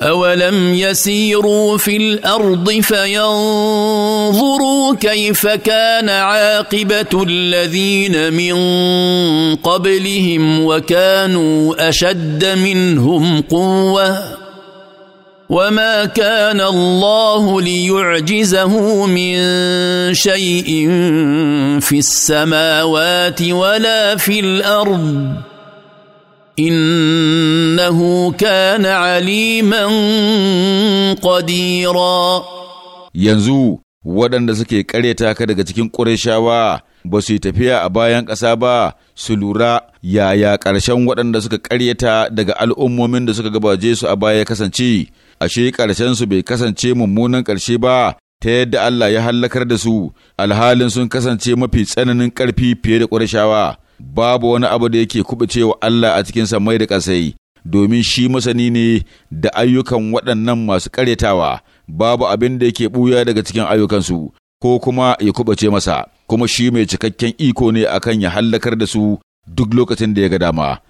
أولم يسيروا في الأرض فينظروا كيف كان عاقبة الذين من قبلهم وكانوا أشد منهم قوة وما كان الله ليعجزه من شيء في السماوات ولا في الأرض انه كان عليما قديرا ينزو waɗanda suke karyata ka daga cikin ƙureshawa ba su yi tafiya a bayan ƙasa ba su lura yaya ƙarshen waɗanda suka ƙaryata daga al'ummomin da suka gabaje su a baya kasance, ashe ƙarshen su bai kasance mummunan ƙarshe ba ta yadda Allah ya hallakar da su alhalin sun kasance mafi tsananin ƙarfi fiye da ƙureshawa. Babu wani abu da yake kuɓucewa Allah a cikin samai da ƙasai. domin shi masani ne da ayyukan waɗannan masu ƙaretawa, babu abin da yake ɓuya daga cikin ayyukansu, ko kuma ya kubace masa, kuma shi mai cikakken iko ne akan ya hallakar da su duk lokacin da ya ga dama.